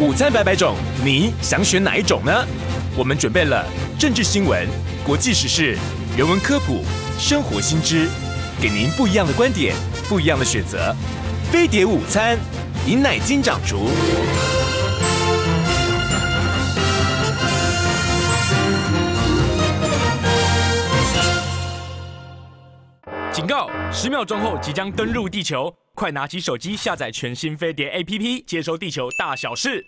午餐百百種，你想選哪一種呢？我們準備了政治新聞、國際時事、人文科普、生活新知，給您不一樣的觀點，不一樣的選擇。飛碟午餐，尹乃菁掌廚。警告！十秒鐘後即將登陸地球。快拿起手機下載全新飛碟 APP，接收地球大小事。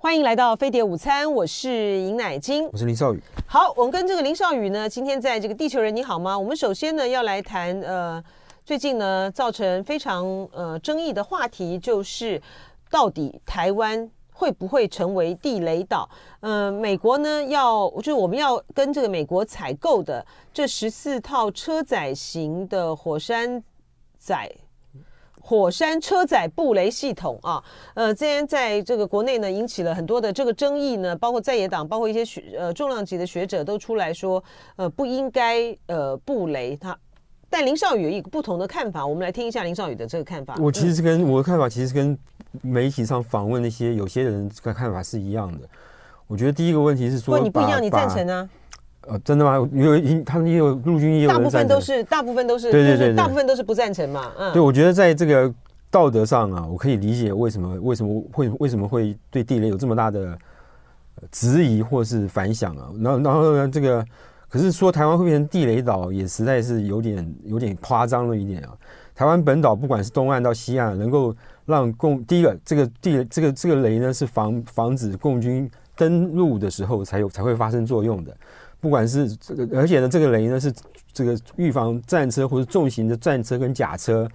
歡迎來到飛碟午餐，我是尹乃菁，我是林少予。好，我們跟這個林少予呢，今天在這個地球人你好嗎？我們首先呢要來談，呃，最近呢造成非常呃爭議的話題，就是到底台灣會不會成為地雷島？嗯、呃，美國呢要，就是我們要跟這個美國採購的這十四套車載型的火山載。火山車載布雷系統啊，呃，之前在這個國內呢，引起了很多的這個爭議呢，包括在野黨，包括一些學呃重量級的學者都出來說，呃，不應該呃布雷他。但林少予有一個不同的看法，我們來聽一下林少予的這個看法。我其實跟我的看法其實跟媒體上訪問那些有些人的看法是一樣的。我覺得第一個問題是說，不，你不一樣，你贊成呢，啊？哦，真的嗎？因為因，他們也有陸軍，也有大部分都是，大部分都是，對，對對對，大部分都是不贊成嘛。嗯，對我覺得在這個道德上啊，我可以理解為什麼為什麼，為什麼會為什麼會對地雷有這麼大的質疑或是反響啊。那然，然後呢，這個可是說台灣會變成地雷島，也實在是有點有點誇張了一點啊。台灣本島不管是東岸到西岸，能夠讓共第一個這個地這個、這個、這個雷呢，是防防止共軍登陸的時候才有才會發生作用的。不管是這個，而且呢，這個雷呢，是這個預防戰車或者重型的戰車跟甲車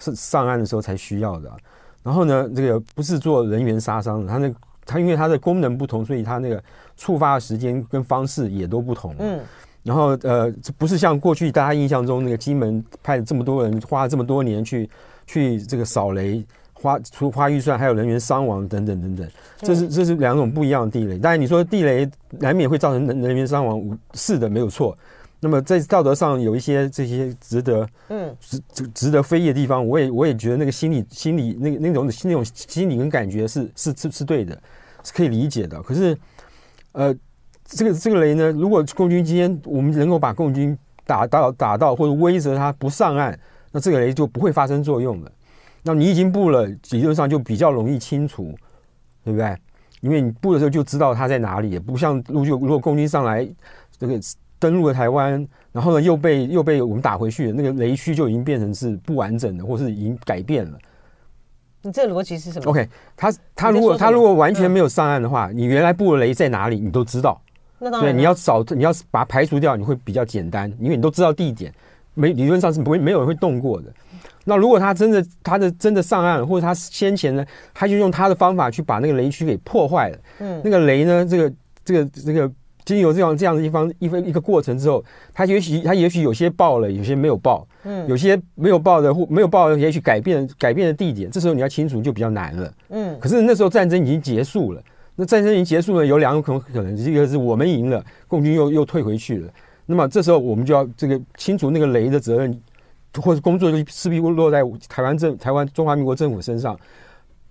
是上岸的時候才需要的。然後呢，這個不是做人員殺傷的，它那它因為它的功能不同，所以它那個觸發的時間跟方式也都不同。嗯，然後呃，不是像過去大家印象中那個金門派這麼多人花了這麼多年去去這個掃雷。花除花預算，還有人員傷亡等等等等，這是這是兩種不一樣的地雷。嗯、但是你說地雷難免會造成人人員傷亡，是的，沒有錯。那麼在道德上有一些這些值得，嗯，值值得非議的地方，我也我也覺得那個心理心理那個那種那種心理跟感覺是是是是對的，是可以理解的。可是，呃，這個這個雷呢，如果共軍今天我們能夠把共軍打到打，打到或者威懾他不上岸，那這個雷就不會發生作用了。那你已經布了，理論上就比較容易清除，對不對？因為你布的時候就知道它在哪裡，不像如果如果共軍上來，這個登陸了台灣，然後呢又被又被我們打回去，那個雷區就已經變成是不完整的，或是已經改變了。你這邏輯是什麼？OK，他他如果他如果完全沒有上岸的話，嗯，你原來布的雷在哪裡，你都知道。那當然，對，你要找，你要把它排除掉，你會比較簡單，因為你都知道地點，沒，理論上是不會沒有人會動過的。那如果他真的，他的真的上岸或者他先前呢，他就用他的方法去把那個雷區給破壞了。嗯，那個雷呢，這個這個這個，經由這樣這樣的一方一個一個過程之後，他也許他也許有些爆了，有些沒有爆。嗯，有些沒有爆的或沒有爆的，也許改變改變的地點，這時候你要清除就比較難了。嗯，可是那時候戰爭已經結束了，那戰爭已經結束了，有兩種可能，一個是我們贏了，共軍又又退回去了。那麼這時候我們就要這個清除那個雷的責任。或者工作就勢必落在台灣政、台灣中華民國政府身上，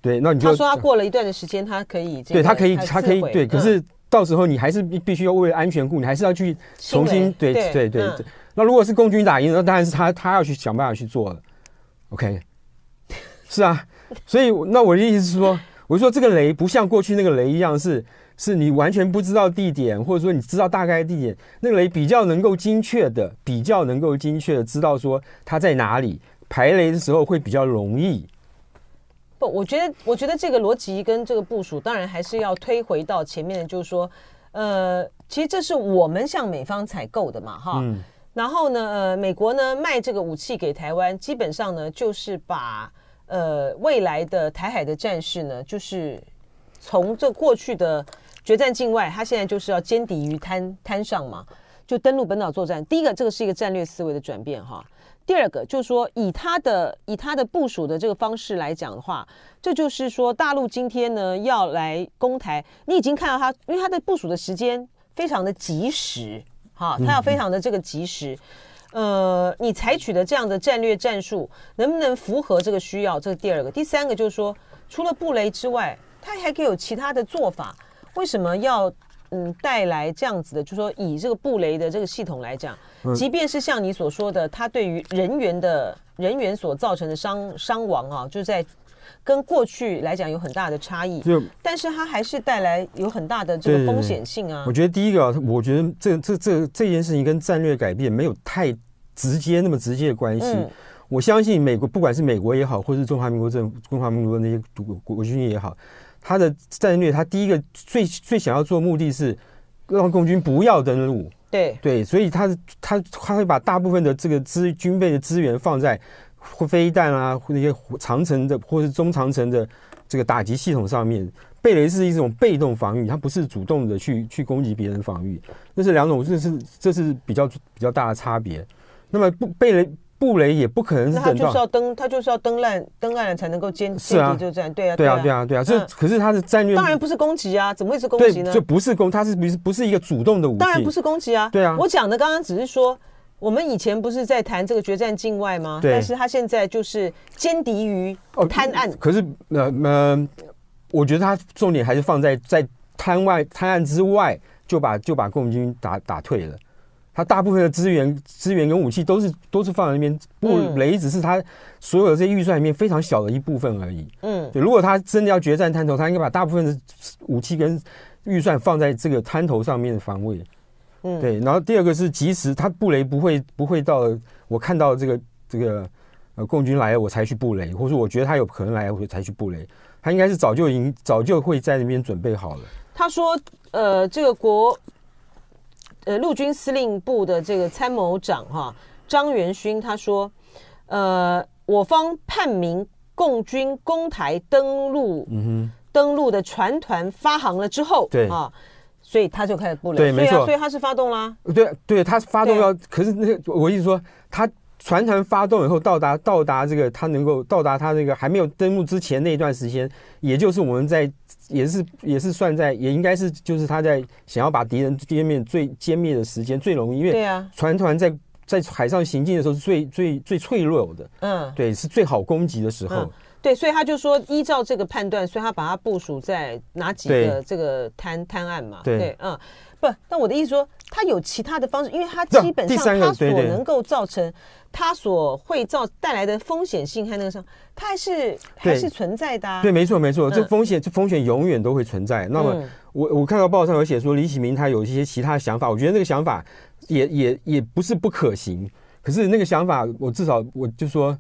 對，那你就他說他過了一段的時間，他可以，對他可以，他可以，對，可是到時候你還是必須要為了安全故，你還是要去重新，對對對對、對。那如果是共軍打贏，那當然是他他要去想辦法去做了，OK，是啊，所以那我的意思是說。 比如說，這個雷不像過去那個雷一樣是，是你完全不知道地點，或者說你知道大概地點，那個雷比較能夠精確的，比較能夠精確的知道說它在哪裡，排雷的時候會比較容易。不，我覺得，我覺得這個邏輯跟這個部署，當然還是要推回到前面，就是說，呃，其實這是我們向美方採購的嘛，哈。嗯。然後呢，呃，美國呢賣這個武器給台灣，基本上呢就是把。呃，未來的台海的戰事呢，就是從這過去的決戰境外，他現在就是要殲敵於灘灘上嘛，就登陸本島作戰。第一個，這個是一個戰略思維的轉變哈。第二個，就是說以他的以他的部署的這個方式來講的話，這就是說大陸今天呢要來攻台，你已經看到他，因為他的部署的時間非常的及時哈，他要非常的這個及時。嗯嗯呃，你採取的這樣的戰略戰術能不能符合這個需要？這是第二個，第三個就是說，除了布雷之外，它還可以有其他的做法。為什麼要嗯帶來這樣子的？就是說，以這個布雷的這個系統來講，嗯，即便是像你所說的，它對於人員的人員所造成的傷傷亡啊，就在。跟過去來講有很大的差異，就，但是它還是帶來有很大的這個風險性啊，對對對。我覺得第一個、啊，我覺得這這這這件事情跟戰略改變沒有太直接那麼直接的關係。嗯、我相信美國，不管是美國也好，或是中華民國政中華民國的那些國國軍也好，他的戰略，他第一個最最想要做的目的是讓共軍不要登陸，對對，所以他他他會把大部分的這個資軍備的資源放在。或飛彈啊，或那些長程的，或是中長程的這個打擊系統上面，布雷是一種被動防御，它不是主動的去去攻擊別人防御，那是兩種，這是這是比較比較大的差別。那麼布布雷布雷也不可能是等到他就是要登，他就是要登爛登爛了才能夠堅持。啊，就這樣對啊對啊對啊對啊，這可是他的戰略當然不是攻擊啊，怎麼會是攻擊呢？就不是攻，他是不是不是一個主動的武器？當然不是攻擊啊，對啊，我講的剛剛只是說。我們以前不是在談這個決戰境外嗎？對，但是他現在就是殲敵於灘岸、哦呃。可是，那、呃、那、呃、我覺得他重點還是放在在灘外灘岸之外，就把就把共軍打打退了。他大部分的資源、資源跟武器都是都是放在那邊布雷，只是他所有的這些預算裡面非常小的一部分而已。嗯對，如果他真的要決戰灘頭，他應該把大部分的武器跟預算放在這個灘頭上面的防衛。嗯，對，然後第二個是及時，他布雷不會不會到我看到這個這個呃共軍來了我才去布雷，或者我覺得他有可能來了我才去布雷，他應該是早就已經早就會在那邊準備好了。他說，呃，這個國呃陸軍司令部的這個參謀長哈、啊、張元勳他說，呃，我方判明共軍攻台登陸，嗯哼，登陸的船團發航了之後，對啊。所以他就開始布雷，對，啊、沒錯，所以他是發動啦、啊，對對，他是發動要，對啊、可是那個，我意思說，他船團發動以後到達到達這個他能夠到達他那、這個還沒有登陸之前那一段時間，也就是我們在也是也是算在也應該是就是他在想要把敵人殲滅最殲滅的時間最容易，因為對啊，船團在在海上行進的時候是最最最脆弱的，嗯，對，是最好攻擊的時候。嗯對，所以他就說依照這個判斷，所以他把它部署在哪幾個這個灘、灘對岸嘛？對，嗯，不，但我的意思說，他有其他的方式，因為他基本上他所能夠造成，他所會造帶來的風險性還那個什麼他，他還是對還是存在的、啊。對，沒錯，沒錯，這風險這、嗯、風險永遠都會存在。那麼我我看到報上有寫說李啟明他有一些其他的想法，我覺得那個想法也也也不是不可行，可是那個想法我至少我就說。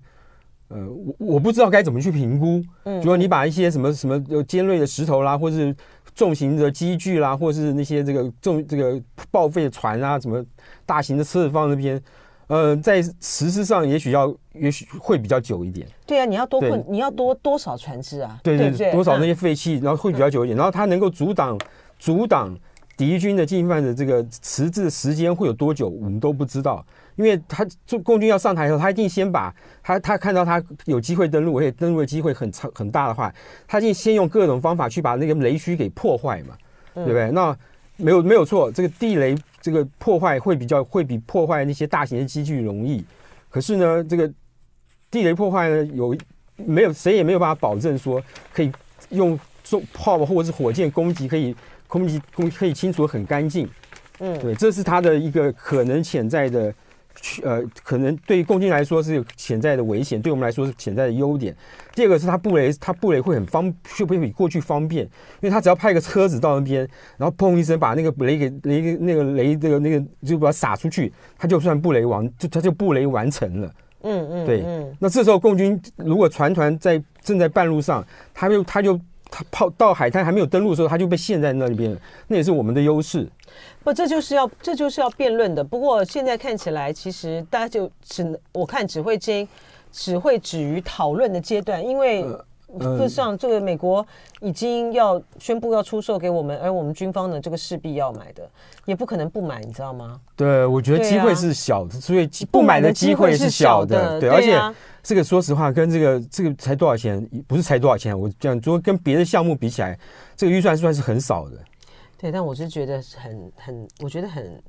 呃，我我不知道該怎麼去評估。嗯，如果你把一些什麼什麼尖銳的石頭啦，或是重型的機具啦，或是那些這個重這個報廢的船啊，什麼大型的車子放那邊，呃，在實施上也許要也許會比較久一點。對啊，你要多過，對你要多多少船只啊？對對，對對多少那些廢棄，啊、然後會比較久一點。然後它能夠阻擋阻擋敵軍的進犯的這個遲滯時間會有多久，我們都不知道。因為他就共軍要上台的時候，他一定先把他他看到他有機會登陸，而且登陸的機會很長很大的話，他就先用各種方法去把那個雷區給破壞嘛，嗯、對不對？那沒有沒有錯，這個地雷這個破壞會比較會比破壞那些大型的機具容易。可是呢，這個地雷破壞呢，有沒有誰也沒有辦法保證說可以用重炮或者是火箭攻擊可以攻擊攻可以清除得很乾淨。嗯，對，這是他的一個可能潛在的。去呃，可能對於共軍來說是有潛在的危險，對我們來說是潛在的優點。第二個是他布雷，他布雷會很方，會不會比過去方便？因為他只要派一個車子到那邊，然後砰一聲把那個雷給雷那個雷這個那個就把它撒出去，他就算布雷完，就他就布雷完成了。嗯嗯，對，嗯，那這時候共軍如果船團在正在半路上，他就他就。他泡到海灘還沒有登陸的時候，他就被陷在那裡邊了。那也是我們的優勢。不，這就是要，這就是要辯論的。不過現在看起來，其實大家就只能，我看只會接，只會止於討論的階段。因為，就、呃呃、事實上這個美國已經要宣布要出售給我們，而我們軍方呢，這個勢必要買的，也不可能不買，你知道嗎？對，我覺得機會是小的，啊、所以不買的機會是小的。對，而且。這個說實話，跟這個這個才多少錢？不是才多少錢，我講，如果跟別的項目比起來，這個預算算是很少的。對，但我是覺得很很，我覺得很，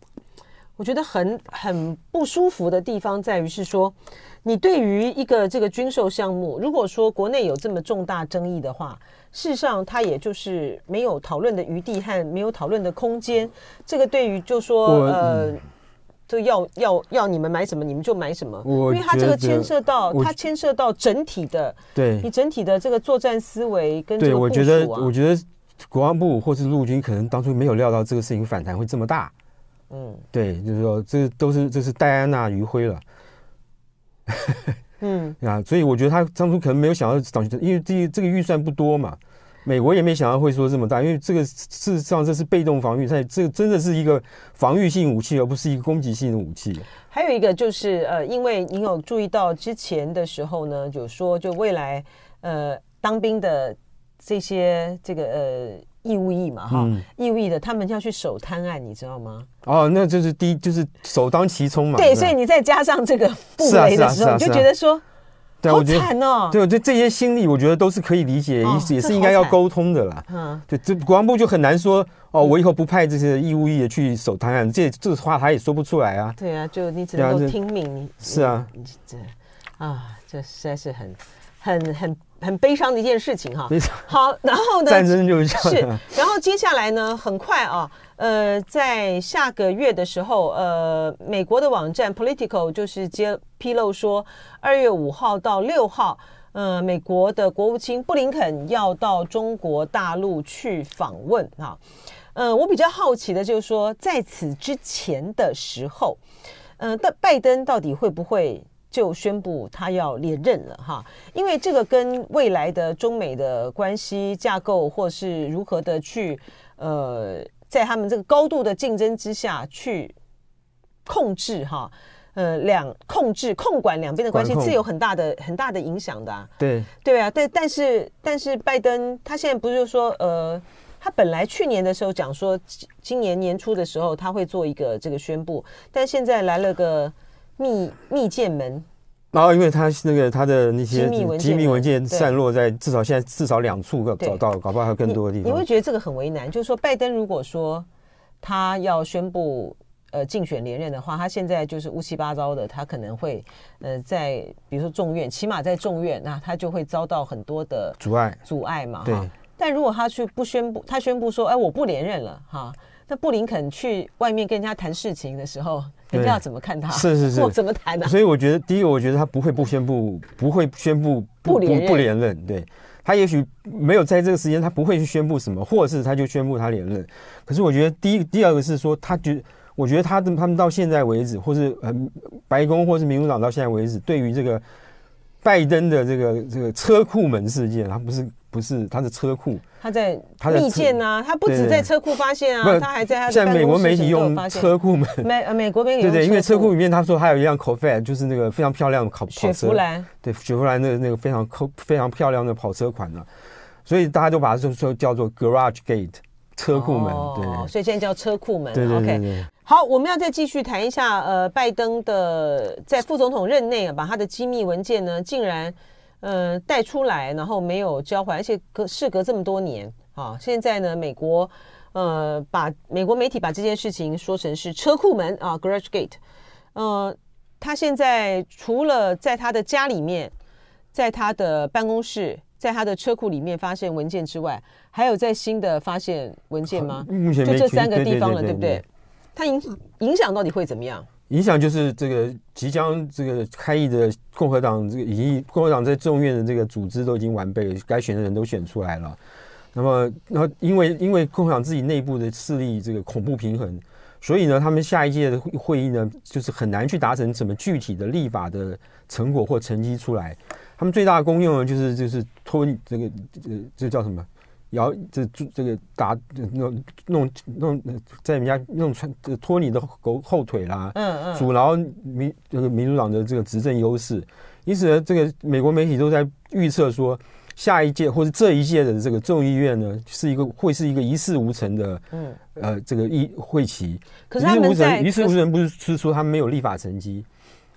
我覺得很很不舒服的地方在於是說，你對於一個這個軍售項目，如果說國內有這麼重大爭議的話，事實上它也就是沒有討論的餘地和沒有討論的空間。嗯、這個對於就說我呃。嗯就要要要你們買什麼，你們就買什麼，因為它這個牽涉到，它我牽涉到整體的，對，你整體的這個作戰思維跟、啊。對，我覺得，我覺得，國防部或是陸軍可能當初沒有料到這個事情反彈會這麼大，嗯，對，就是說，這都是這是戴安娜餘暉了， 嗯啊，所以我覺得他當初可能沒有想到，因為這個、這個預算不多嘛。美國也沒想到會說這麼大，因為這個事實上這是被動防御，它這真的是一個防御性武器，而不是一個攻擊性的武器。還有一個就是呃，因為你有注意到之前的時候呢，有說就未來呃當兵的這些這個呃義務役嘛哈，義務役、嗯、的他們要去守灘岸，你知道嗎？哦，那就是第一就是首當其衝嘛。對，吧所以你再加上這個布雷的時候，你就覺得說。對，我覺得、哦、對，對這些心理，我覺得都是可以理解，也是、哦、也是應該要溝通的啦。嗯、哦，對，這國防部就很難說、嗯、哦，我以後不派這些義務役去守台灣，這這話他也說不出來啊。對啊，就你只能夠聽命。啊嗯、是啊，嗯、這啊，這實在是很很很很悲傷的一件事情哈。傷好，然後呢？戰爭就是這樣。 是，然後接下來呢？很快啊。呃，在下個月的時候，呃，美國的網站 Politico 就是接披露說，二月五號到六號，呃，美國的國務卿布林肯要到中國大陸去訪問哈嗯、啊呃，我比較好奇的就是說，在此之前的時候，呃拜登到底會不會就宣布他要連任了哈？因為這個跟未來的中美的關係架構或是如何的去呃。在他們這個高度的競爭之下，去控制哈，呃，兩控制控管兩邊的關係，是有控很大的很大的影響的、啊。對對啊，但但是但是，但是拜登他現在不是說，呃，他本來去年的時候講說，今年年初的時候他會做一個這個宣佈，但現在來了個密密件門。然後，因為他那個他的那些機密，的機密文件散落在至少現在至少兩處個找到，對搞不好還有更多的地方。你，你會覺得這個很為難，就是說，拜登如果說他要宣布呃競選連任的話，他現在就是烏七八糟的，他可能會呃在比如說眾院，起碼在眾院，那他就會遭到很多的阻礙阻礙嘛。哈對。但如果他去不宣布，他宣布說，哎、呃，我不連任了哈，那布林肯去外面跟人家談事情的時候。你要怎麼看他？是是是，我怎麼談的、啊？所以我覺得，第一個，我覺得他不會不宣佈，不會宣佈不不連，不，不連任。對。他也許沒有在這個時間，他不會去宣佈什麼，或者是他就宣佈他連任。可是我覺得，第一、第二個是說，他覺，我覺得他的他們到現在為止，或是、呃、白宮，或是民主黨到現在為止，對於這個拜登的這個這個車庫門事件，他不是。不是他的車庫，他在他在密件啊，在他不止在車庫發現啊，他還在他在美國媒體用車庫門美、呃、美國媒體對，對，對，因為車庫裡面他說還有一輛 Corvette，就是那個非常漂亮的跑雪佛蘭，對雪佛蘭的那個非常非常漂亮的跑車款的，啊，所以大家就把這說叫做 Garage Gate 車庫門，哦，對，對，對，對，所以現在叫車庫門，啊。對 OK 好，我們要再繼續談一下呃，拜登的在副總統任內啊，把他的機密文件呢，竟然。呃，帶出來然後沒有交還，而且隔事隔這麼多年啊。現在呢，美國，呃，把美國媒體把這件事情說成是車庫門啊，Garage Gate。呃，他現在除了在他的家裡面，在他的辦公室，在他的車庫裡面發現文件之外，還有在新的發現文件嗎？啊、就這三個地方了，啊、對不對？對對對對，他影影響到底會怎麼樣？影響就是這個即將這個開議的共和黨，這個已經共和黨在眾院的這個組織都已經完備，該選的人都選出來了。那麼，然後因為因為共和黨自己內部的勢力這個恐怖平衡，所以呢，他們下一屆的會議呢，就是很難去達成什麼具體的立法的成果或成績出來。他們最大的功用呢，就是就是拖這個這這叫什麼？然後這這這個打弄那弄、呃、在人家弄穿，拖你的狗後,後,後腿啦，嗯嗯，嗯阻撓民這個民主黨的這個執政優勢，因此呢，這個美國媒體都在預測說，下一屆或者這一屆的這個眾議院呢，是一個會是一個一事無成的，嗯，呃，這個一會期，一事無成，一事無成不是是說他們沒有立法成績。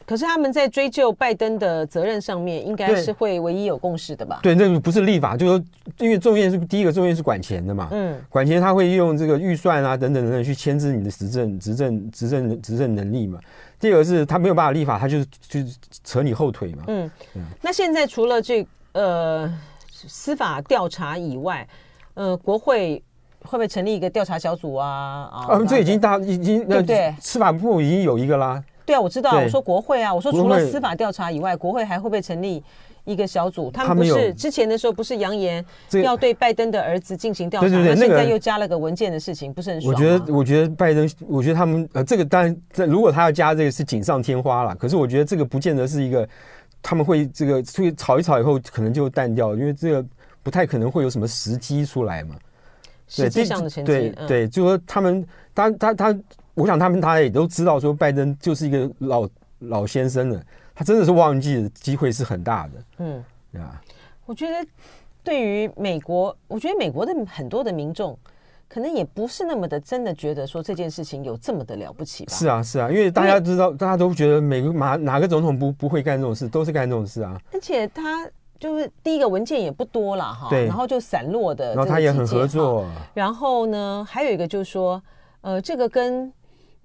可是他們在追究拜登的責任上面，應該是會唯一有共識的吧？對，那個不是立法，就是說，因為眾議院是第一個，眾議院是管錢的嘛，嗯、管錢他會用這個預算啊等等等等去牽制你的執政、執政、執政、執政能力嘛。第二個是他沒有辦法立法，他就是就是扯你後腿嘛。嗯，嗯，那現在除了這呃司法調查以外，呃，國會會不會成立一個調查小組啊？哦、啊，那這已經大已經、嗯、對，對司法部已經有一個啦。對啊，我知道。對我說國會啊，我說除了司法調查以外，國會、國會還會不會成立一個小組？他們不是之前的時候不是揚言要對拜登的兒子進行調查？的、這個。那個現在又加了個文件的事情，對對對不是很爽？我覺得，我覺得拜登，我覺得他們呃，這個當然，這如果他要加這個是錦上添花了。可是我覺得這個不見得是一個他們會這個所以吵一吵以後可能就淡掉，因為這個不太可能會有什麼時機出來嘛。實際上的前提，對、嗯、對，就說他們他他他。他他我想他們大家也都知道，說拜登就是一個老老先生了，他真的是忘記的機會是很大的。嗯，啊 Yeah，我覺得對於美國，我覺得美國的很多的民眾可能也不是那麼的真的覺得說這件事情有這麼的了不起吧。是啊，是啊，因為大家知道，大家都覺得美國哪哪個總統不不會幹這種事，都是幹這種事啊。而且他就是第一個文件也不多了哈，對然後就散落的，然後他也很合作啊。然後呢，還有一個就是說，呃，這個跟。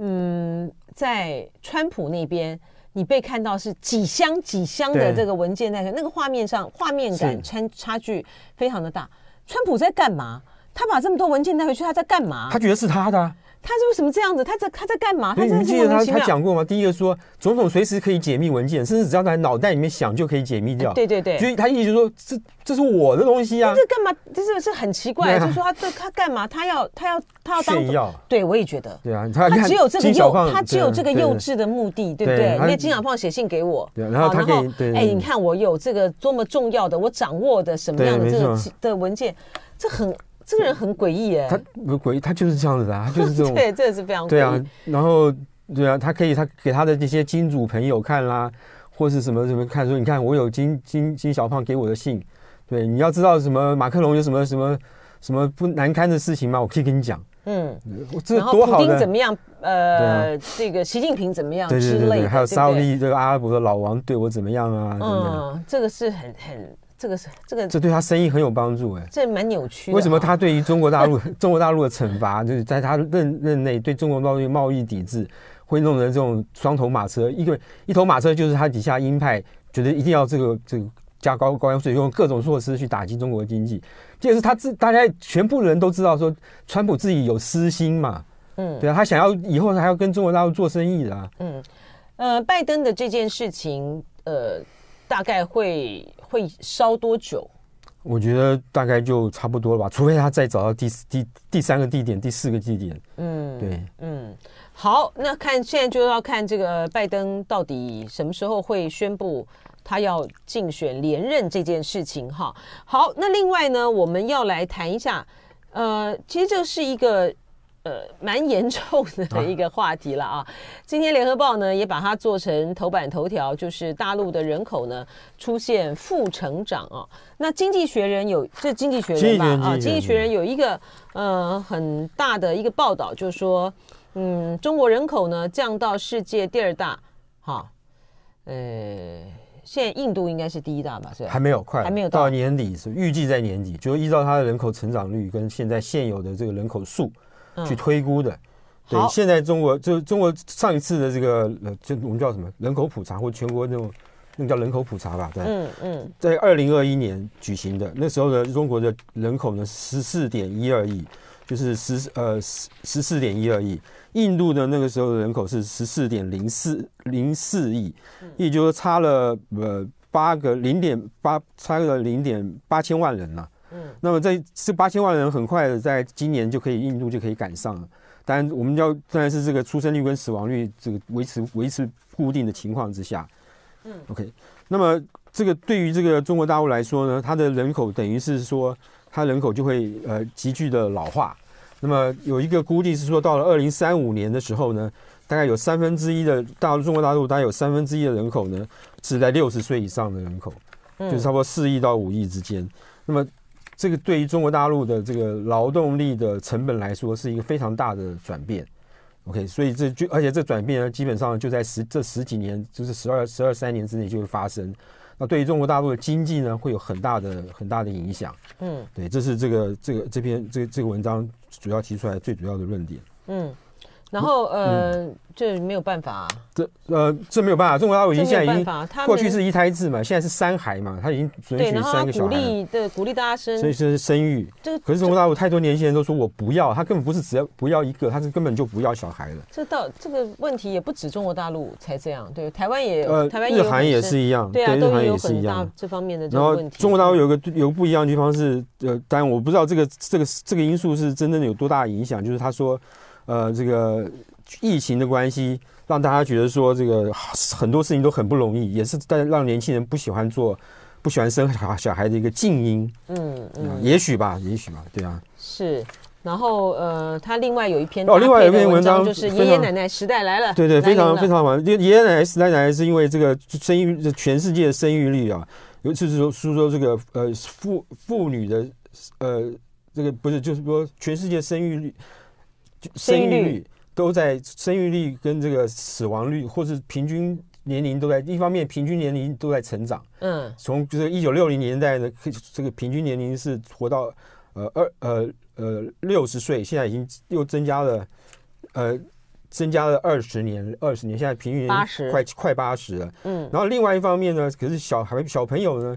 嗯，在川普那邊，你被看到是幾箱幾箱的這個文件帶回對那個畫面上畫面感差是差距非常的大。川普在幹嘛？他把這麼多文件帶回去，他在幹嘛？他覺得是他的啊。他是為什麼這樣子？他在他在幹嘛？他在你記得他他講過嗎？第一個說，總統隨時可以解密文件，甚至只要在腦袋裡面想就可以解密掉。對對對。所以他意思說，這這是我的東西啊。這幹嘛？這是是很奇怪，就是說他他他幹嘛？他要他要他要當？對我也覺得。對啊，他只有這個幼他只有這個幼稚的目的，對不對？因為金小胖寫信給我，然後他給，哎，你看我有這個多麼重要的，我掌握的什麼樣的這個的文件，這很。這個人很詭異耶，他不是詭異，他就是這樣子的、啊、他就是這種， 對，真的是非常詭異。對啊，然後對啊，他可以，他給他的那些金主朋友看啦，或是什麼什麼看說，說你看我有金金金小胖給我的信，對，你要知道什麼馬克龍有什麼什麼什麼不難堪的事情嗎？我可以跟你講，嗯，普丁這多好的、嗯、怎麼樣？呃，啊、這個習近平怎麼樣之類的。對對對對對，還有沙利這個阿拉伯的老王對，對，對，我怎麼樣啊？對對嗯，這個是很很。這個是這個，這個、這對他生意很有幫助哎，這蠻扭曲、啊。為什麼他對於中國大陸 中國大陸的懲罰，就是在他任任內對中國貿易貿易抵制，會弄成這種雙頭馬車？嗯、一個一頭馬車就是他底下鷹派，覺得一定要這個這個加高關稅，用各種措施去打擊中國經濟。這也是他自大家全部人都知道，說川普自己有私心嘛，嗯，對啊，他想要以後還要跟中國大陸做生意的。嗯，呃，拜登的這件事情，呃。大概會會燒多久？我覺得大概就差不多了吧，除非他再找到第第第三個地點、第四個地點。嗯，對，嗯，好，那看現在就要看這個拜登到底什麼時候會宣布他要競選連任這件事情哈。好，那另外呢，我們要來談一下，呃，其實這是一個。呃，蠻嚴重的一個話題了啊！啊今天《聯合報》呢也把它做成頭版頭條，就是大陸的人口呢出現負成長啊。那經濟學人有，這《經濟學人》吧啊，《經濟學人》有一個呃很大的一個報道，就是說，嗯，中國人口呢降到世界第二大，哈、啊，呃，現在印度應該是第一大吧，是還沒有快，快還沒有到，到年底，是預計在年底，就依照它的人口成長率跟現在現有的這個人口數，去推估的，嗯、對，好，現在中國就中國上一次的這個，就我們叫什麼人口普查，或全國那種，那個、叫人口普查吧，對，嗯嗯，在二零二一年舉行的那時候的中國的人口呢，十四點一二億，就是十呃十十四點一二億，印度的那個時候的人口是十四點零四零四億，也就是差了呃八個零點八，8, 差了零點八千萬人了、啊。嗯，那麼在這八千萬人很快的，在今年就可以，印度就可以趕上了。當然，我們要當然是這個出生率跟死亡率這個維持維持固定的情況之下，嗯，OK。那麼這個對於這個中國大陸來說呢，它的人口等於是說，它人口就會呃急劇的老化。那麼有一個估計是說，到了二零三五年的時候呢，大概有三分之一的大陸中國大陸大概有三分之一的人口呢是在六十歲以上的人口，就是差不多四億到五億之間。那麼這個對於中國大陸的這個勞動力的成本來說，是一個非常大的轉變。OK，所以這就而且這轉變呢，基本上就在十這十幾年，就是十二十二三年之內就會發生。那對於中國大陸的經濟呢，會有很大的很大的影響。嗯，對，這是這個這個這篇這這個文章主要提出來的最主要的論點。嗯。然後呃，這沒有辦法。這呃，這沒有辦法。中國大陸已經現在已經，過去是一胎制嘛，現在是三孩嘛，他已經准許三個小孩，鼓勵，對，鼓勵大家生，所以是生育。可是中國大陸太多年輕人都說我不要，他根本不是只要不要一個，他是根本就不要小孩了。這，到這個問題也不止中國大陸才這樣，對台灣也，呃，日韓也是一樣，對啊，都也是一樣這方面的。然後中國大陸有個有個不一樣的地方是，呃，當然我不知道這個這個這個因素是真正的有多大影響，就是他說。呃，這個疫情的關係，讓大家覺得說這個很多事情都很不容易，也是讓年輕人不喜歡做、不喜歡生小孩的一個靜音。嗯嗯，呃，也許吧，也許吧，對啊。是，然後呃，他另外有一篇爺爺奶奶哦，另外有一篇文章就是爺爺奶奶時代來了。對對，非常非常好爺爺奶奶時代來是因為這個生育，這全世界生育率啊，尤其是說蘇州這個呃，婦婦女的呃，這個不是就是說全世界生育率。生育，生育率都在，生育率跟這個死亡率，或是平均年齡都在一方面，平均年齡都在成長。嗯，從就是一九六零年代呢，這個平均年齡是活到呃二呃呃六十歲，現在已經又增加了呃增加了二十年二十年，現在平均快快八十了。嗯，然後另外一方面呢，可是小孩小朋友呢。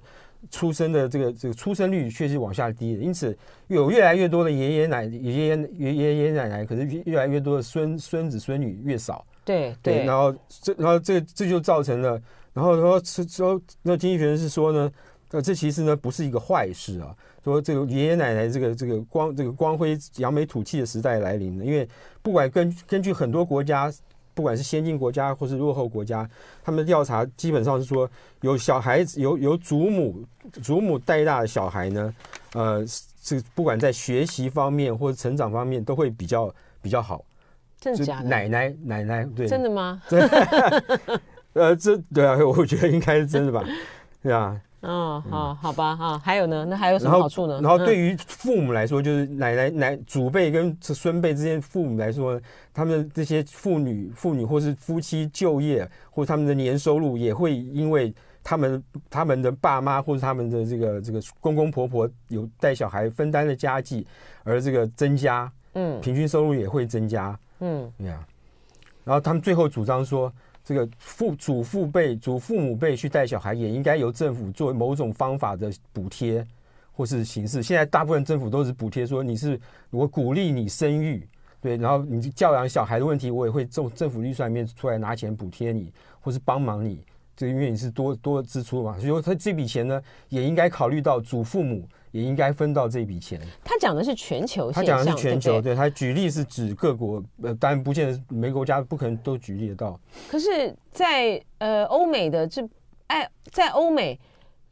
出生的這個這個出生率確實往下低了，因此有越來越多的爺爺奶奶爺爺爺爺爺爺奶奶，可是越來越多的孫孫子孫女越少。對對，對然，然後這然後這這就造成了，然後然後說說那經濟學人是說呢，呃，這其實呢不是一個壞事啊，說這個爺爺奶奶這個這個光這個光輝揚眉吐氣的時代來臨了，因為不管根根據很多國家。不管是先進國家或是落後國家，他們調查基本上是說，有小孩子由由祖母祖母帶大的小孩呢，呃，是不管在學習方面或者成長方面都會比較比較好。就奶奶真的假的？奶奶奶奶，對，真的嗎？對 呃，這對啊，我覺得應該是真的吧，對 啊。哦，好，好吧，哈，還有呢？那還有什麼好處呢？然後，然後對於父母來說，就是奶奶、奶祖輩跟孫輩之間，父母來說，他們這些婦女、婦女或是夫妻就業，或他們的年收入也會因為他們他們的爸媽或是他們的這個這個公公婆婆有帶小孩分擔的家計而這個增加，嗯，平均收入也會增加，嗯，對啊、嗯、然後他們最後主張說。這個父祖父輩、祖父母輩去帶小孩，也應該由政府做某種方法的補貼或是形式。現在大部分政府都是補貼，說你是我鼓勵你生育，對，然後你教養小孩的問題，我也會從政府預算裡面出來拿錢補貼你，或是幫忙你。這因為你是多多支出嘛，所以說他這筆錢呢，也應該考慮到祖父母。也應該分到這筆錢。他講的是全球，他講的是全球，對，對，對他舉例是指各國，呃，當然不見得每個國家不可能都舉例得到。可是在、呃，在呃歐美的這，哎，在歐美。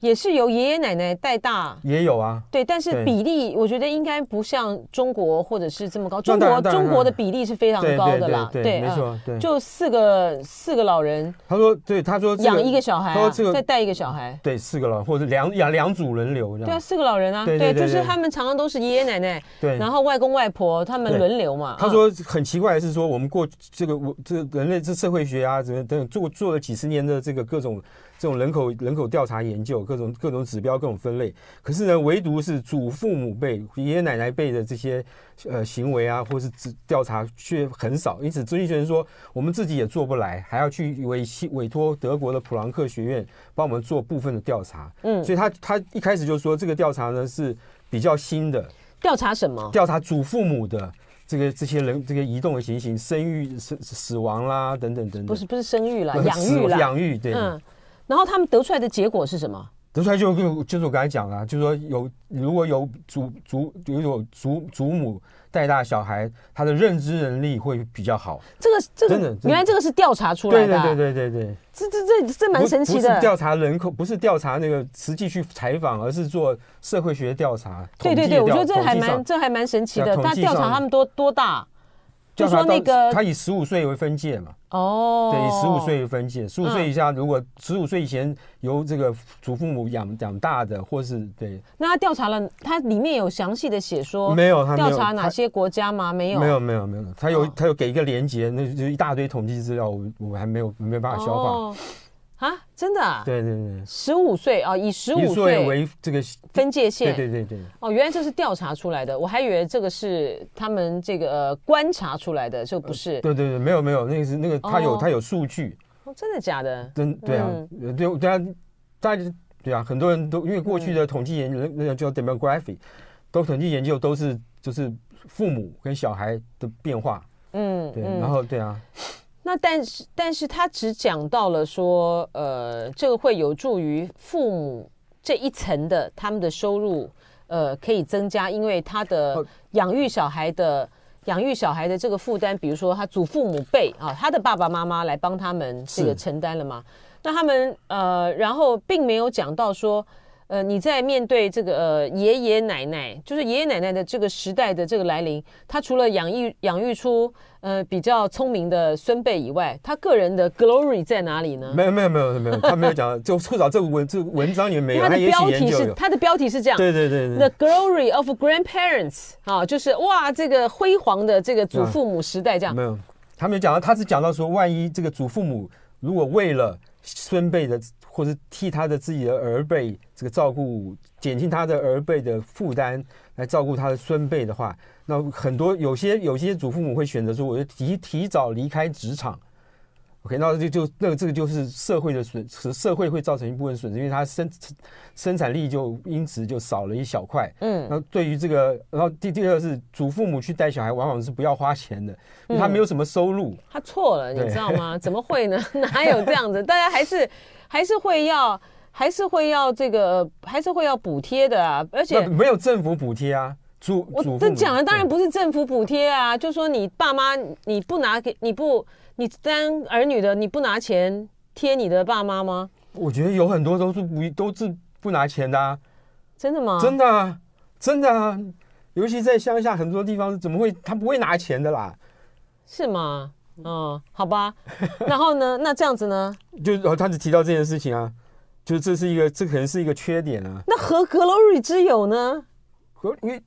也是由爺爺奶奶帶大，也有啊，對，但是比例我覺得應該不像中國或者，是這麼高，中國中國的比例是非常高的啦。對，沒錯，就四個四個老人，他說，對，他說養一個小孩，再帶一個小孩，對，四個老人，或者兩養兩組輪流對啊，四個老人啊，對，就是他們常常都是爺爺奶奶，對，然後外公外婆他們輪流嘛，他說很奇怪的是說，我們過這個我這人類這社會學啊怎麼等等做做了幾十年的這個各種，這種人口人口調查研究各種各種指標各種分類，可是呢，唯獨是祖父母輩、爺爺奶奶輩的這些呃行為啊，或是調查卻很少。因此，朱立群說，我們自己也做不來，還要去委委托德國的普朗克學院幫我們做部分的調查。嗯，所以他他一開始就說，這個調查呢是比較新的。調查什麼？調查祖父母的這個這些人這個移動的情形、生育、死死亡啦等等等等。不是不是生育啦，養、呃、育啦，養育對。嗯然後他們得出來的結果是什麼？得出來就就就是我剛才講的，就是說有如果有祖祖，有一種祖祖母帶大小孩，他的認知能力會比較好。這個這個，這個、的原來這個是調查出來的、啊，對對對對對對。這這這這蠻神奇的，調查人口不是調查那個實際去採訪，而是做社會學調查。的對對對，我覺得這還蠻這還蠻，這還蠻神奇的。他、啊、調查他們多多大？就說那個，他以十五歲為分界嘛。哦，對，以十五歲為分界，十五歲以下，嗯、如果十五歲以前由這個祖父母養大的，或是對。那他調查了，他裡面有詳細的寫說，沒有他調查哪些國家嗎？他沒有，沒有，沒有，沒有。他有，他有給一個連結，那就是一大堆統計資料，我我還沒有沒辦法消化。哦啊，真的啊！對對對，十五歲啊，以十五歲為這個分界線。對對對哦，原來這是調查出來的，我還以為這個是他們這個觀察出來的，就不是。對對對，沒有沒有，那個是那個他有他有數據。哦，真的假的？真，對啊，對大家大家對啊，很多人都因為過去的統計研究，那那叫 demography，都統計研究都是就是父母跟小孩的變化。嗯。對，然後對啊。那但是，但是他只講到了說，呃，這個會有助於父母這一層的他們的收入，呃，可以增加，因為他的養育小孩的養育小孩的這個負擔，比如說他祖父母輩啊，他的爸爸媽媽來幫他們這個承擔了嘛。是那他們呃，然後並沒有講到說。呃，你在面對這個呃爺爺奶奶，就是爺爺奶奶的這個時代的這個來臨，他除了養育養育出呃比較聰明的孫輩以外，他個人的 glory 在哪裡呢？沒有沒有沒有沒有， 他沒有講到，就至少這個文這個文章也沒有。他的標題是他的標題是這樣，對對對，對，The Glory of Grandparents 啊，就是哇這個輝煌的這個祖父母時代，嗯，這樣。沒有，他沒有講到，他是講到說，萬一這個祖父母如果為了孫輩的。或者替他的自己的兒輩這個照顧，減輕他的兒輩的負擔，來照顧他的孫輩的話，那很多有些有些祖父母會選擇說，我就提提早離開職場。OK，那這就這、那個這個就是社會的損，社會會造成一部分損失，因為他生生產力就因此就少了一小塊。嗯，那對於這個，然後第第二個是祖父母去帶小孩，往往是不要花錢的，他沒有什麼收入。嗯、對他錯了，你知道嗎？對怎麼會呢？ 哪有這樣子？大家還是。 還是會要，還是會要這個，還是會要補貼的啊！而且沒有政府補貼啊，主我這講的當然不是政府補貼啊，就說你爸媽你不拿給你不你當兒女的你不拿錢貼你的爸媽嗎？我覺得有很多都是不都是不拿錢的，啊。真的嗎？真的，啊，真的啊！尤其在鄉下很多地方，怎麼會他不會拿錢的啦？是嗎？嗯，好吧，然後呢？那這樣子呢？就他只提到這件事情啊，就這是一個，這可能是一個缺點啊。那和 glory 之友呢？glory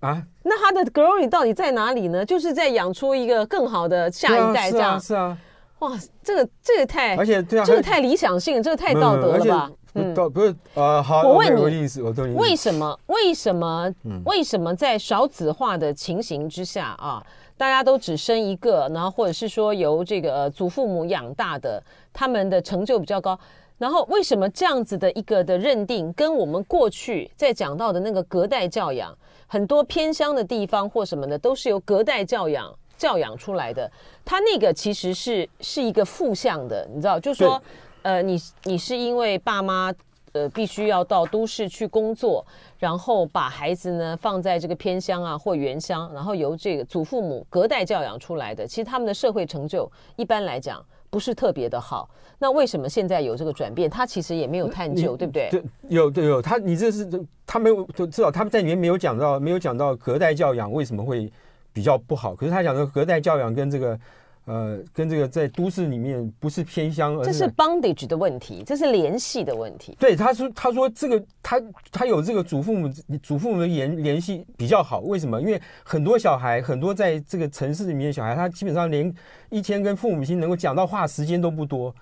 啊？那他的 glory 到底在哪裡呢？就是在養出一個更好的下一代，這樣是啊。哇，這個這個太而且對啊，這個太理想性了，這個太道德了吧？嗯，道不是呃好，我問你，我問你，為什麼？為什麼？為什麼在少子化的情形之下啊？大家都只生一個，然後或者是說由這個，呃，祖父母養大的，他們的成就比較高。然後為什麼這樣子的一個的認定，跟我們過去在講到的那個隔代教養，很多偏鄉的地方或什麼的，都是由隔代教養教養出來的？他那個其實是是一個負向的，你知道，就說，對呃，你你是因為爸媽。呃，必須要到都市去工作，然後把孩子呢放在這個偏鄉啊或原鄉，然後由這個祖父母隔代教養出來的，其實他們的社會成就一般來講不是特別的好。那為什麼現在有這個轉變？他其實也沒有探究，嗯、對不對？對，有對有。他你這是他沒有知道，至少他們在裡面沒有講到，沒有講到隔代教養為什麼會比較不好。可是他講的隔代教養跟這個。呃，跟這個在都市裡面不是偏鄉而已，這是 bondage 的問題，這是聯繫的問題。對，他說他說這個他他有這個祖父母祖父母的聯聯繫比較好，為什麼？因為很多小孩，很多在這個城市裡面的小孩，他基本上連一天跟父母親能夠講到話時間都不多，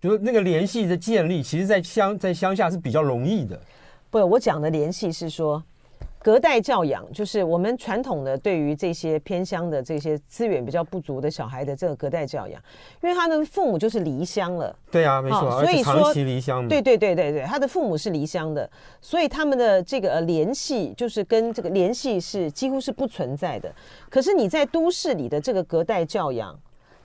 就是那個聯繫的建立，其實在鄉在鄉下是比較容易的。不，我講的聯繫是說。隔代教養就是我們傳統的對於這些偏鄉的這些資源比較不足的小孩的這個隔代教養，因為他的父母就是離鄉了，對啊，沒錯，哦、所以而且長期離鄉的，對對對對對，他的父母是離鄉的，所以他們的這個聯繫就是跟這個聯繫是幾乎是不存在的。可是你在都市裡的這個隔代教養，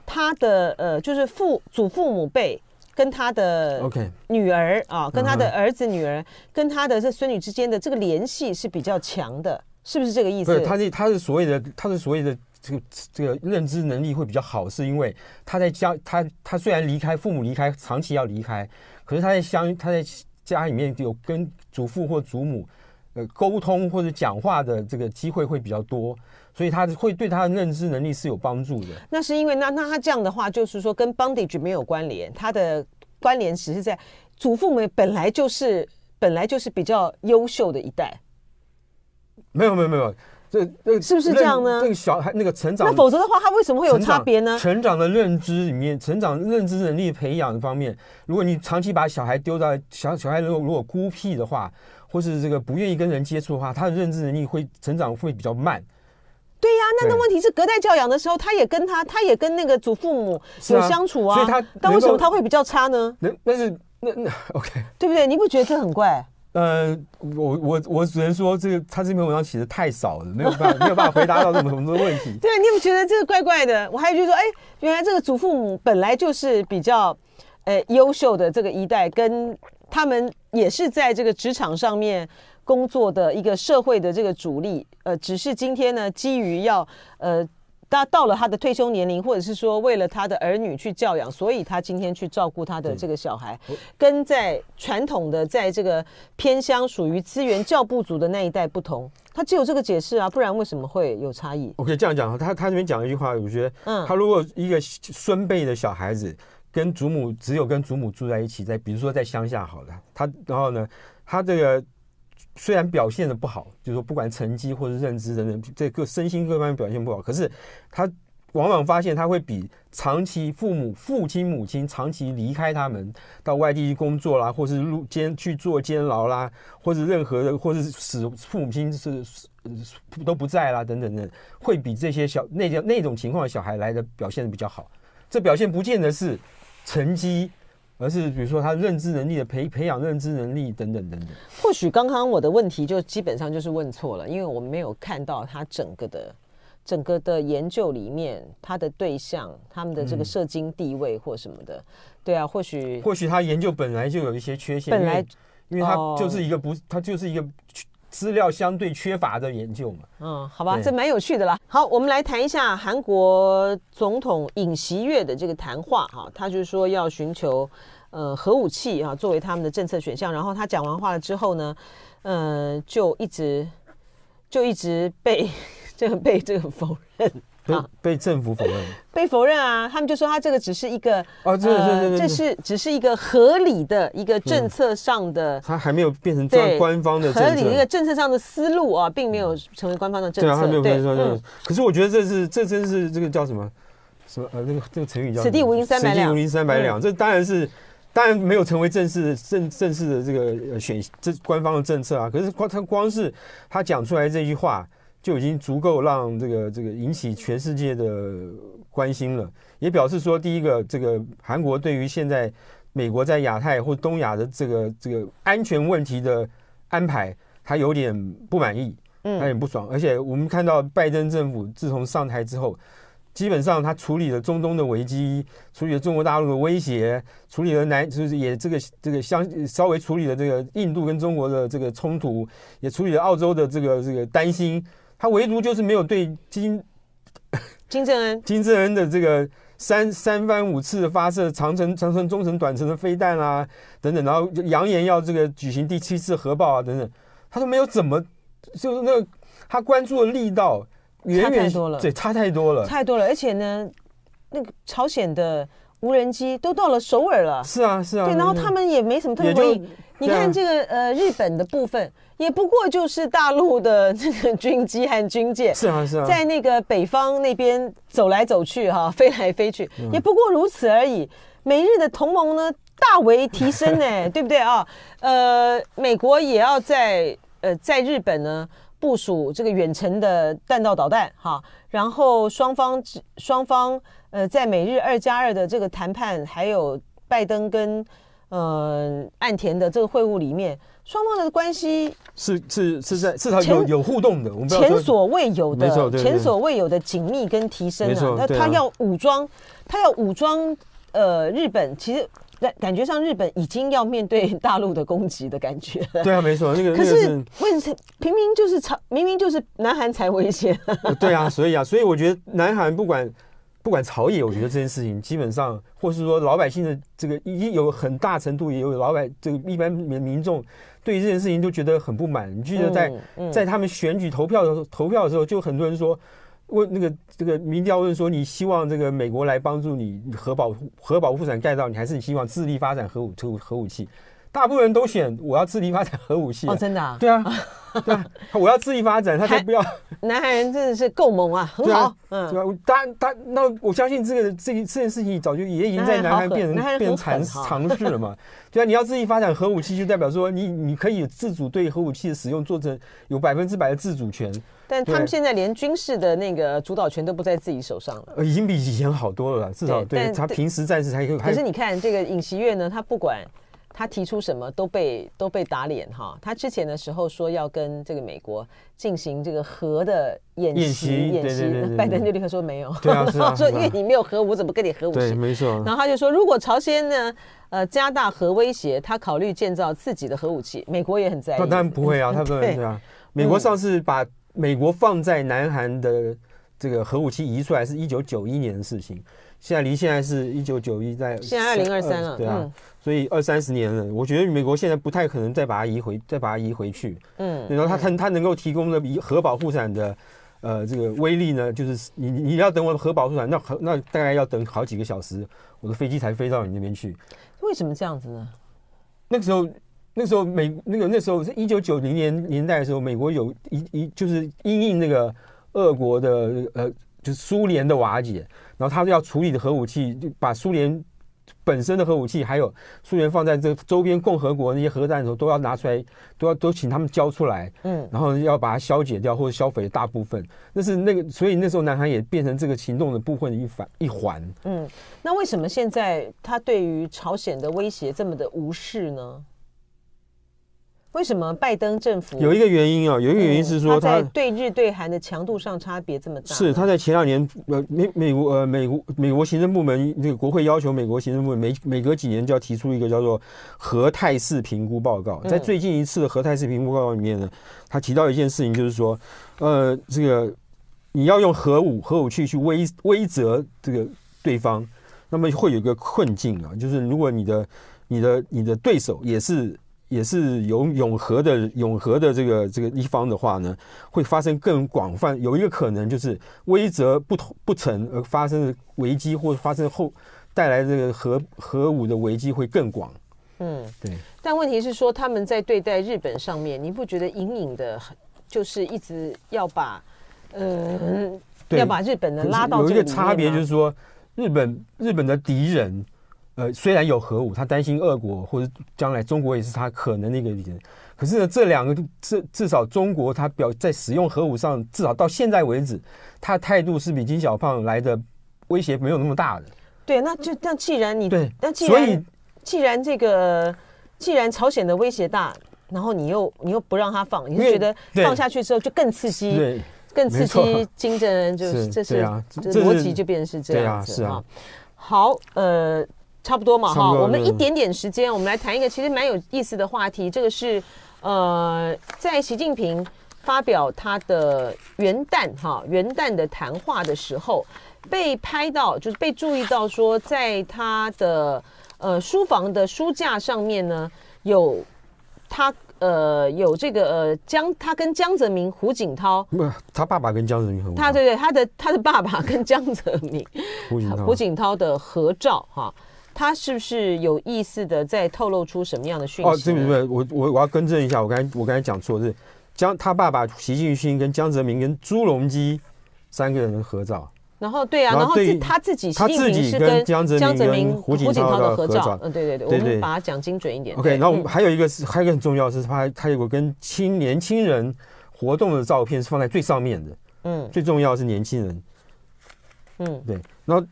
他的呃就是父祖父母輩。跟他的 OK 女兒 okay. 啊，跟他的兒子、女兒，uh huh. 跟他的這孫女之間的這個聯繫是比較強的，是不是這個意思？對，他是他是所謂的，他是所謂的這個這個認知能力會比較好，是因為他在家，他他雖然離開，父母離開，長期要離開，可是他在家，他在家裡面有跟祖父或祖母呃溝通或者講話的這個機會會比較多。所以他會對他的認知能力是有幫助的。那是因為那那他這樣的話，就是說跟 bondage 沒有關聯，他的關聯只是在祖父母本來就是，本來就是比較優秀的一代。沒有沒有沒有，這那是不是這樣呢？這個小孩那個成長，那否則的話，他為什麼會有差別呢？成長，成長的認知裡面，成長認知能力培養的方面，如果你長期把小孩丟在小，小孩，如果如果孤僻的話，或是這個不願意跟人接觸的話，他的認知能力會成長會比較慢。對呀、啊，那那個、問題是隔代教養的時候，對他也跟他，他也跟那個祖父母有相處啊。啊所以他，但為什麼他會比較差呢？那那是那那 OK，對不對？你不覺得這很怪？呃，我我我只能說，這個他這篇文章寫的太少了，沒有辦法 沒有辦法回答到這什麼什麼的問題。 對，你不覺得這個怪怪的？我還有就說，哎，原來這個祖父母本來就是比較呃優秀的這個一代，跟他們。也是在這個職場上面工作的一個社會的這個主力，呃，只是今天呢，基於要呃，他到了他的退休年齡，或者是說為了他的兒女去教養，所以他今天去照顧他的這個小孩，對跟在傳統的在這個偏鄉屬於資源較不足的那一代不同，他只有這個解釋啊，不然為什麼會有差異？我可以這樣講，他他裡面講一句話，我覺得，嗯，他如果一個孫輩的小孩子。嗯跟祖母只有跟祖母住在一起，在比如說在鄉下好了，他然後呢，他這個雖然表現的不好，就是說不管成績或是認知等等，這個身心各方面表現不好，可是他往往發現他會比長期父母父親母親長期離開他們到外地去工作啦，或是入監去做監牢啦，或是任何的或是使父母親是都不在啦等等等，會比這些小那叫那種情況的小孩來的表現的比較好。這表現不見得是。成績，而是比如說他認知能力的培培養認知能力等等等等。或許剛剛我的問題就基本上就是問錯了，因為我沒有看到他整個的整個的研究裡面他的對象他們的這個社經地位或什麼的。對啊，或許或許他研究本來就有一些缺陷，本來因為他就是一個不，他就是一個。資料相對缺乏的研究嘛，嗯，好吧，對這蠻有趣的啦。好，我們來談一下韓國總統尹錫悅的這個談話，啊。哈，他就是說要尋求，呃，核武器啊作為他們的政策選項。然後他講完話了之後呢，呃，就一直，就一直被這個被這個否認。被政府否認，啊，被否認啊！他們就說他這個只是一個啊，這、呃、這是只是一個合理的對一個政策上的，他還沒有變成官官方的政策合理這個政策上的思路啊，並沒有成為官方的政策。對、啊，他沒有變成政策。可是我覺得這是這真是這個叫什麼什麼呃那個這個成語、這個、叫什麼“此地無銀三百兩”、“此地無銀三百兩”，這當然是當然沒有成為正式正正式的這個、呃、選這官方的政策啊。可是光他光是他講出來這句話。就已經足夠讓這個這個引起全世界的關心了，也表示說，第一個，這個韓國對於現在美國在亞太或東亞的這個這個安全問題的安排，他有點不滿意，嗯，有點不爽。嗯、而且我們看到拜登政府自從上台之後，基本上他處理了中東的危機，處理了中國大陸的威脅，處理了南就是也這個這個相稍微處理了這個印度跟中國的這個衝突，也處理了澳洲的這個這個擔心。他唯獨就是沒有對金金正恩，金正恩的這個三三番五次發射長程長程、中程、短程的飛彈啊等等，然後揚言要這個舉行第七次核爆啊等等，他都沒有怎麼，就是那個他關注的力道遠遠多了。對，差太多了，太多了。而且呢，那個朝鮮的無人機都到了首爾了。是啊，是啊。對，然後他們也沒什麼特別回應。你看這個呃日本的部分。 也不過就是大陸的那個軍機和軍艦、啊，是啊是啊，在那個北方那邊走來走去哈、啊，飛來飛去，也不過如此而已。美、嗯、日的同盟呢，大為提升呢、欸， 對不對啊？呃，美國也要在呃在日本呢部署這個遠程的彈道導彈哈、啊，然後雙方雙方呃在美日二加二的這個談判，還有拜登跟嗯、呃、岸田的這個會晤裡面。雙方的關係是是是在是有有互動的，我們前所未有的，前所未有的緊密跟提升啊！那他要武裝，他要武裝，呃，日本，其實感覺上日本已經要面對大陸的攻擊的感覺。對啊，沒錯，那個可是，明明就是朝，明明就是南韓才危險。對啊，所以啊，啊、所以我覺得南韓不管。不管朝野，我覺得這件事情基本上，或是說老百姓的這個已經有很大程度，也有老百這個一般民民眾對於這件事情都覺得很不滿。你記得在在他們選舉投票的時候，投票的時候，就很多人說問那個這個民調問說，你希望這個美國來幫助你核保核保護傘蓋造，你還是你希望自力發展核武核武器？大部分人都選我要自力發展核武器哦，真的啊？對啊，對啊，我要自力發展，他就不要。南韓人真的是夠猛啊，很好，嗯。對啊，他他那我相信這個這這件事情早就也已經在南韓變成變成嘗嘗試了嘛。對啊，你要自力發展核武器，就代表說你你可以自主對核武器的使用做成有百分之百的自主權。但他們現在連軍事的那個主導權都不在自己手上了，已經比以前好多了，至少對他平時暫時還可以。可是你看這個尹錫悅呢，他不管。他提出什麼都被都被打臉哈，他之前的時候說要跟這個美國進行這個核的演習，席演習習，對對對對，拜登，就立刻說沒有，對對對對 然後說因為你沒有核武，我怎麼跟你核武器？對，啊啊啊、對，沒錯。然後他就說，如果朝鮮呢、呃，加大核威脅，他考慮建造自己的核武器，美國也很在意。他當然不會啊，他不會、啊、對吧？嗯、美國上次把美國放在南韓的這個核武器移出來是一九九一年的事情。現在離現在是一九九一在，現在二零二三了，對啊，嗯、所以二三十年了，我覺得美國現在不太可能再把它移回，再把它移回去。嗯，然後它它它能夠提供的核保護傘的，呃，這個威力呢，就是你你要等我的核保護傘，那那大概要等好幾個小時，我的飛機才飛到你那邊去。為什麼這樣子呢？那個時候，那個時候美那個那時候是一九九零年年代的時候，美國有一一就是因應那個俄國的呃。就是蘇聯的瓦解，然後他是要處理的核武器，就把蘇聯本身的核武器，還有蘇聯放在這周邊共和國那些核彈頭，都要拿出來，都要都請他們交出來，嗯，然後要把它消解掉或者銷毀大部分。那是那個，所以那時候南韓也變成這個行動的部分一環一環。嗯，那為什麼現在他對於朝鮮的威脅這麼的無視呢？為什麼拜登政府有一個原因啊？有一個原因是說他、嗯，他在對日對韓的強度上差別這麼大。是他在前兩年，呃，美美國呃，美國美國行政部門那、這個國會要求美國行政部門每每隔幾年就要提出一個叫做核態勢評估報告。在最近一次的核態勢評估報告裡面呢，他提到一件事情，就是說，呃，這個你要用核武核武器去威威懾這個對方，那麼會有一個困境啊，就是如果你的你的你的對手也是。也是有永和的永和的這個這個一方的話呢，會發生更廣泛。有一個可能就是威則不同不成而發生的危機，或發生後帶來這個核核武的危機會更廣。嗯，對。但問題是說他們在對待日本上面，你不覺得隱隱的，就是一直要把呃，嗯嗯、要把日本的對拉到這有一個差別，就是說日本日本的敵人。呃，雖然有核武，他擔心俄國或者將來中國也是他可能的一個敵人，可是呢，這兩個至至少中國他表在使用核武上，至少到現在為止，他態度是比金小胖來的威脅沒有那麼大的。對，那就那既然你對，那既然所以，既然這個既然朝鮮的威脅大，然後你又你又不讓他放，為你是覺得放下去之後就更刺激，對更刺激錯金正恩，就是這是啊，邏輯就變成是這樣子這是啊。啊好，呃。差不多嘛哈，我們一點點時間，我們來談一個其實蠻有意思的話題。這個是，呃，在習近平發表他的元旦哈元旦的談話的時候，被拍到，就是被注意到說，在他的呃書房的書架上面呢，有他呃有這個、呃、江，他跟江澤民、胡錦濤，不，他爸爸跟江澤民很，他對對，他的他的爸爸跟江澤民、 胡錦濤胡錦濤的合照哈。他是不是有意思的在透露出什麼樣的訊息？哦，這不對，我我我要更正一下，我剛才我剛才講錯是江他爸爸習近平跟江澤民跟朱鎔基三個人合照。然後，啊、然後對啊，然後他自己，他自己是跟江澤民跟胡、胡錦濤的合照。嗯，對對對，我們把它講精準一點。對 OK，然後還有一個是、嗯、還有一個很重要的是他他有個跟青年輕人活動的照片是放在最上面的。嗯，最重要的是年輕人。嗯，對，那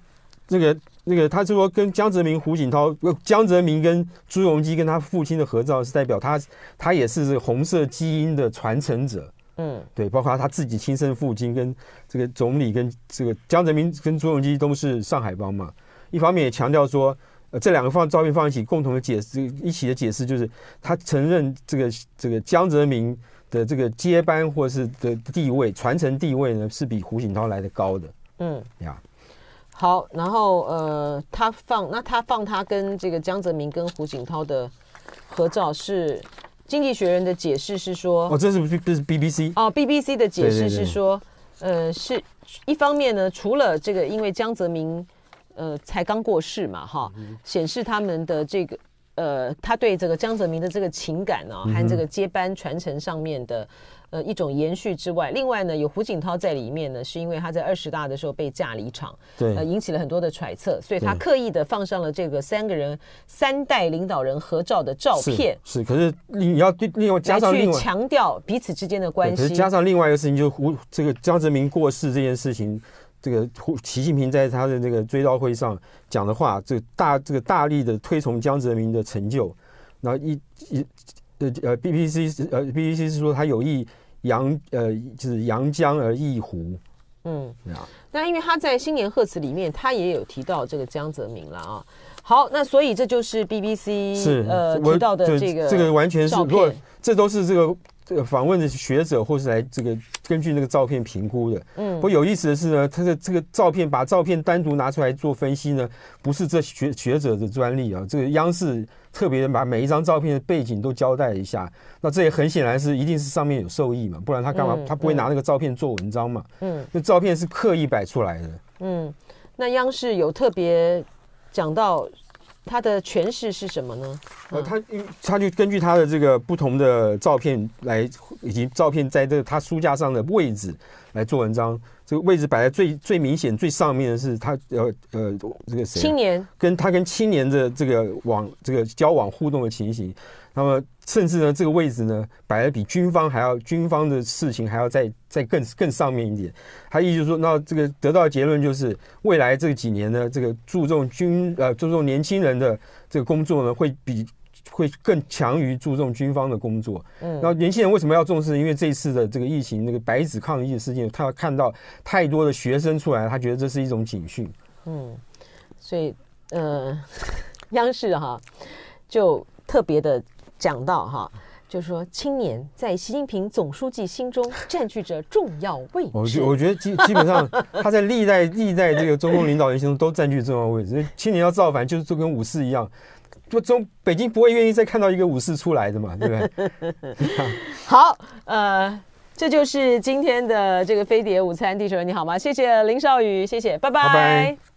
這個。那個，他是說跟江澤民、胡錦濤、江澤民跟朱鎔基跟他父親的合照，是代表他，他也是這個紅色基因的傳承者。嗯，對，包括他他自己親生父親跟這個總理跟這個江澤民跟朱鎔基都是上海幫嘛。一方面也強調說，呃，這兩個放照片放一起，共同的解釋一起的解釋就是，他承認這個這個江澤民的這個接班或者是的地位傳承地位呢，是比胡錦濤來得高的。嗯，呀。好，然後呃，他放那他放他跟這個江澤民跟胡錦濤的合照，是《經濟學人》的解釋是說，哦，這是不是這是 BBC？哦，BBC 的解釋是說，對對對呃，是一方面呢，除了這個，因為江澤民呃才剛過世嘛，哈，顯示他們的這個。呃，他對這個江澤民的這個情感呢、哦，和這個接班傳承上面的，嗯、哼呃一種延續之外，另外呢，有胡錦濤在裡面呢，是因為他在二十大的時候被架離場，對，呃，引起了很多的揣測，所以他刻意的放上了這個三個人對三代領導人合照的照片。是,是，可是你要利用加上另外去強調彼此之間的關係，是加上另外一個事情，就是、胡這個江澤民過世這件事情。這個胡習近平在他的這個追悼會上講的話，這大這個大力的推崇江澤民的成就，然後一一呃 BBC, 呃 B B C 是呃 B B C 是說他有意揚呃就是揚江而抑胡，嗯，那因為他在新年賀詞裡面他也有提到這個江澤民了啊、哦。好，那所以這就是 BBC 是呃提到的這個這個完全是，如果這都是，這個、這個訪問的學者或是來這個根據那個照片評估的，嗯，不過有意思的是呢，他的這個照片把照片單獨拿出來做分析呢，不是這學學者的專利啊，這個央視特別把每一張照片的背景都交代一下，那這也很顯然是一定是上面有受益嘛，不然他幹嘛、嗯、他不會拿那個照片做文章嘛，嗯，那照片是刻意擺出來的，嗯，那央視有特別。講到他的詮釋是什麼呢？嗯、呃，他因他就根據他的這個不同的照片來，以及照片在這個他書架上的位置來做文章。這個位置擺在最最明顯、最上面的是他呃呃這個誰、啊？青年跟他跟青年的這個往這個交往互動的情形，那麼。甚至呢，這個位置呢，擺的比軍方還要，軍方的事情還要再再更更上面一點。他意思就是說，那這個得到的結論就是，未來這幾年呢，這個注重軍呃注重年輕人的這個工作呢，會比會更強於注重軍方的工作。嗯，那年輕人為什麼要重視？因為這一次的這個疫情，那個白紙抗議事件，他看到太多的學生出來，他覺得這是一種警訊。嗯，所以呃，央視哈就特別的。講到哈，就是說青年在習近平總書記心中占據着重要位置。 我覺得基基本上他在歷代歷代這個中共領導人心中都占據重要位置。青年要造反，就是就跟武士一樣，不中北京不會願意再看到一個武士出來的嘛，對不對？ 好，呃，這就是今天的這個飛碟午餐，地球人你好嗎？謝謝林少予，謝謝，好拜拜。拜拜。